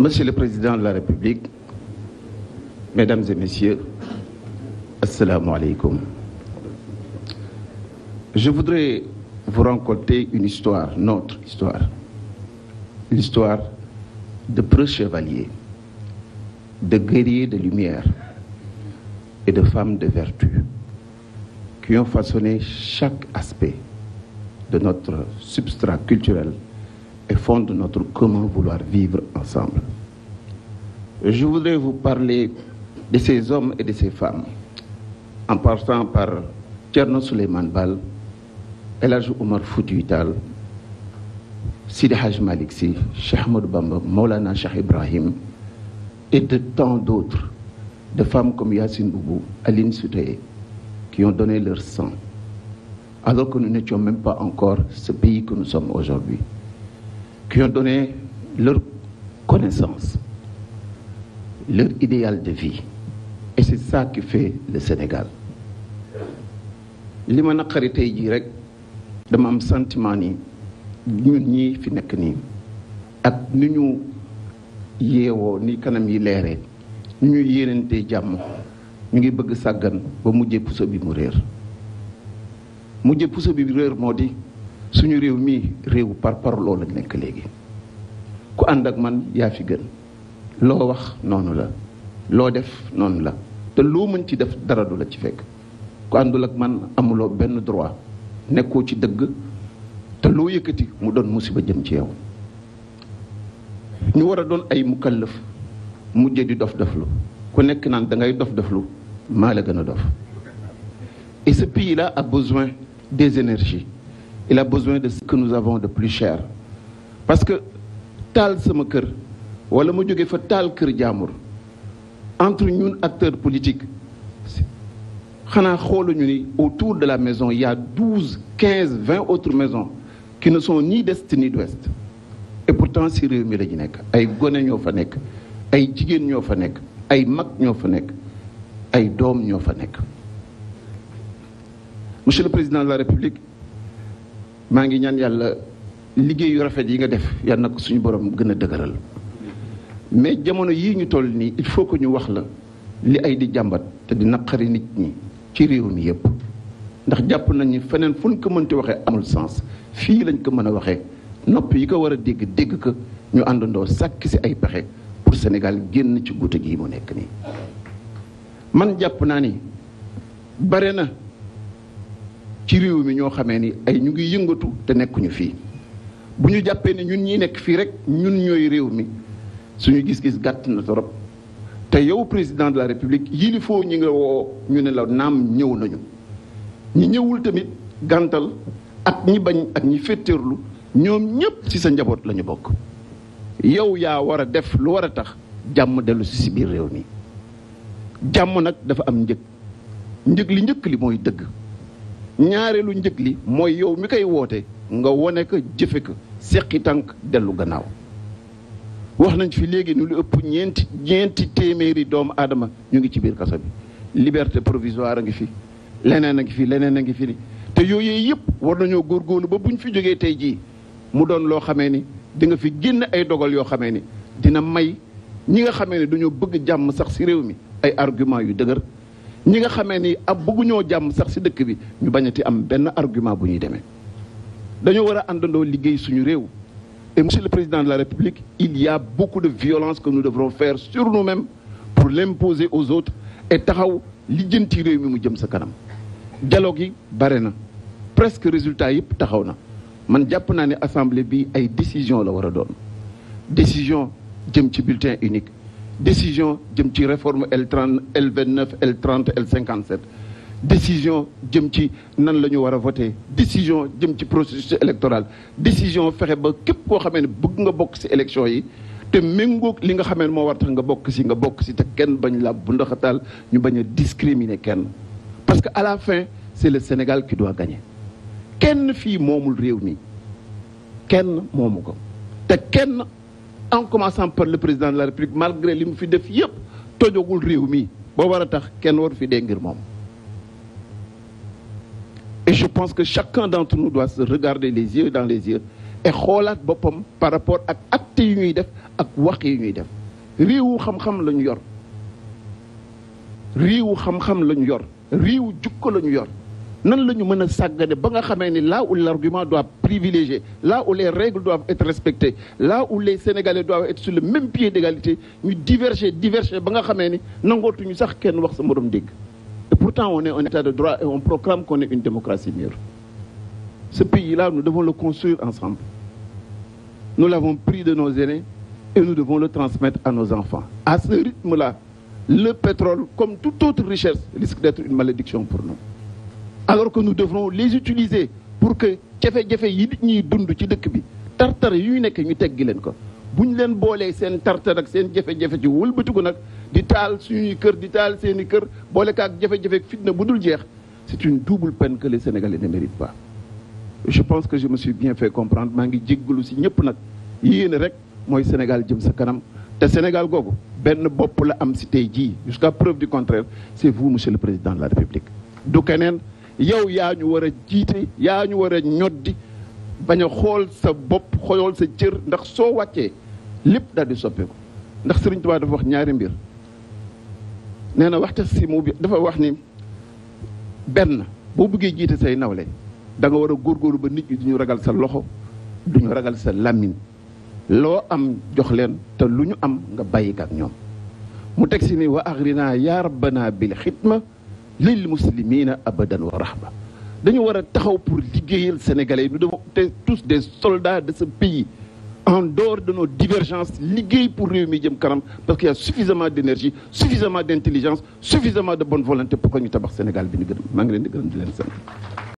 Monsieur le Président de la République, Mesdames et Messieurs, Assalamu alaikum. Je voudrais vous raconter une histoire, notre histoire, l'histoire de preux chevaliers, de guerriers de lumière et de femmes de vertu qui ont façonné chaque aspect de notre substrat culturel et fonde notre commun vouloir vivre ensemble. Je voudrais vous parler de ces hommes et de ces femmes, en partant par Tcherno Suleiman Bal, Elhaj Omar Foutuital, Sidi Haj Malik Sy, Cheikh Ahmadou Bamba, Maulana Cheikh Ibrahim et de tant d'autres, de femmes comme Yassine Boubou, Aline Sitoé, qui ont donné leur sang, alors que nous n'étions même pas encore ce pays que nous sommes aujourd'hui. qui ont donné leur connaissance, leur idéal de vie. Et c'est ça qui fait le Sénégal. li ma naqari tey jii rek dama am sentiment ni ñun ñii fi nekk nii ak ni ñu yeewoo ni kanam yi leeree ni ñuy yéenantee jàmm ñu ngi bëgg sàggan ba mujjee puso bi mu réer mujjee puso bi mu réer moo di suñu réew mii réewu par parloo lañ nekk léegi ku ànd ak man yaa fi gën loo wax noonu la loo def noonu la te loo mën ci def dara du la ci fekk ku àndul ak man amuloo benn droit nekkoo ci dëgg te loo yëkkati mu doon musiba jëm ci yow ñu war a doon ay mukallaf mujje di dof doflu ku nekk naan da ngay dof doflu maa la gën a dof et ce la là a besoin des énergies il a besoin de ce que nous avons de plus cher parce que taal sama kër wala ma jóge fa taal kër jàmbur entre ñun acteur politique xanaa xooluñu ni autour de la maison il y a douze quinze vingt autres maisons qui ne sont ni d'est ni d'ouest et pourtant si réew mi la ñu nekk ay gone ñoo fa nekk ay jigéen ñoo fa nekk ay mag ñoo fa nekk ay doom ñoo fa nekk monsieur le président de la république maa ngi ñaan yàlla liggéeyu rafet yi nga def yal na ko suñu borom gën a dëgëral mais jamono yii ñu toll nii il faut que ñu wax la li ay di jàmbat te di naqari nit ñi ci réew mi yépp ndax jàpp nañ ni feneen fu ñu ko mënti waxee amul sens fii lañ ko mën a waxee nopp yi ko war a dégg dégg ko ñu àndandoo sàkk si ay pexe pour Sénégal génn ci guute gii mu nekk nii man jàpp naa ni bare na. ci réew mi ñoo xamee ni ay ñu ngi yëngatu te nekkuñu fii bu ñu jàppee ne ñun ñi nekk fii rek ñun ñooy réew mi suñu gis-gis gàtt na torop te yow président de la république yilifoo ñi nga woo ñu ne la naam ñëw nañu ñi ñëwul tamit gàntal ak ñi bañ ak ñi féttéerlu ñoom ñëpp ci sa njaboot lañu bokk yow yaa war a def lu war a tax jàmm dellu si si biir réew mi jàmm nag dafa am njëg njëg li njëkk li mooy dëgg ñaareelu njëg li mooy yow mi koy woote nga wone ko jëfe ko seqi tànk dellu gannaaw wax nañ fi léegi nu lu ëpp ñeenti ñeenti téeméeri doomu aadama ñu ngi ci biir kaso bi liberté provisoire a ngi fi leneen a ngi fi leneen a ngi fi ni te yooyu yëpp war nañoo góorgóorlu ba bu ñu fi jógee tey jii mu doon loo xamee ni di nga fi génn ay dogal yoo xamee ni dina may ñi nga xamee ne dañoo bëgg jàmm sax si réew mi ay argument yu dëgër ñi nga xamee ni ab bëgguñoo jàmm sax si dëkk bi ñu bañati am benn argument bu ñuy demee dañoo war a àndandoo liggéey suñu réew et monsieur le président de la république il y a beaucoup de violence que nous devrons faire sur nous-mêmes pour l'imposer aux autres et taxaw lijjanti réew mi mu jëm sa kanam dialogue gi bare na presque résultat yëpp taxaw na man jàpp naa ne assemblée bi ay décision la war a doon décision jëm ci bulletin unique décision jëm ci réforme L30 L29 L30 l décision jëm ci nan la ñu war a voté décision jëm ci processus électoral décision fexe ba képp koo xamee ne bëgg nga bokk si élection yi te méngoog li nga xamee ne moo war tax nga bokk si nga bokk si te kenn bañ la bu ndaxataal ñu bañ a discriminer kenn parce que à la fin c'est le Sénégal qui doit gagner kenn fii moomul réew mi kenn moomu ko te kenn en commençant par le président de la république malgré li mu fi def yëpp tojogul réew mii ba war a tax kenn waru fi dee ngir moom et je pense que chaque d'entre nous doit se regarder les yeux dans les yeux et xoolaat boppam par rapport ak acte yu ñuy def ak wax yu ñuy def réewu xam-xam la yor réewu xam la ñu yor réewu jukko la ñu yor nan la ñu mën a sàggane ba nga xamee ni là où l'argument doit privilégier là où les règles doivent être respectées là où les Sénégalais doivent être sur le même pied d'égalité ñu diverger diverger ba nga xamee ni ñu sax kenn wax sa morom dégg et pourtant on est en état de droit et on proclame qu'on est une démocratie mûre ce pays-là nous devons le construire ensemble nous l'avons pris de nos aînés et nous devons le transmettre à nos à ce rythme-là le pétrole comme toute autre richesse risque d'être une malédiction pour nous alors que nous devrons les utiliser pour que jafe-jafe yi nit dund ci dëkk bi tartar yuy nekkee ñu teggi leen ko bu ñu leen boolee seen tartar ak seen jafe-jafe ci ko nag di taal suñuy kër di taal seeni kër boole kaak jafe-jafe fitna bu dul jeex c'est une double peine que les Sénégalais ne méritent pas je pense que je me suis bien fait comprendre maa ngi jéggalu si ñëpp nag yéen rek mooy Sénégal jëm sa kanam te Sénégal googu benn bopp la am si tey jii jusqu'à preuve du contraire monsieur le président la République yow yaa ñu war a jiite yaa ñu war a ñoddi bañ a xool sa bopp xool sa cër ndax soo wàccee lépp dal di soppeeku ndax Sëriñ Tuubaa dafa wax ñaari mbir nee na waxta si mu bi dafa wax ni benn boo bëggee jiite say nawle danga war a góor góorgóorlu ba nit ñi duñu ragal sa loxo duñu ragal sa làmmiñ loo am jox leen te lu ñu am nga bàyyi ak ñoom mu teg si ni wa axrinaa yaa rabbanaa bil xitma lil muslimina abadan wa rahma dañu war a taxaw pour liggéeyal sénégalais yi nous devons être tous des soldats de ce pays en dehors de nos divergences liggéey pour réew mi jëm kanam parce qu'il y a suffisamment d'énergie suffisamment d'intelligence suffisamment de bonne volonté pour que ñu tabax Sénégal bi ñu gërëm maa ngi leen di gërëm di leen sant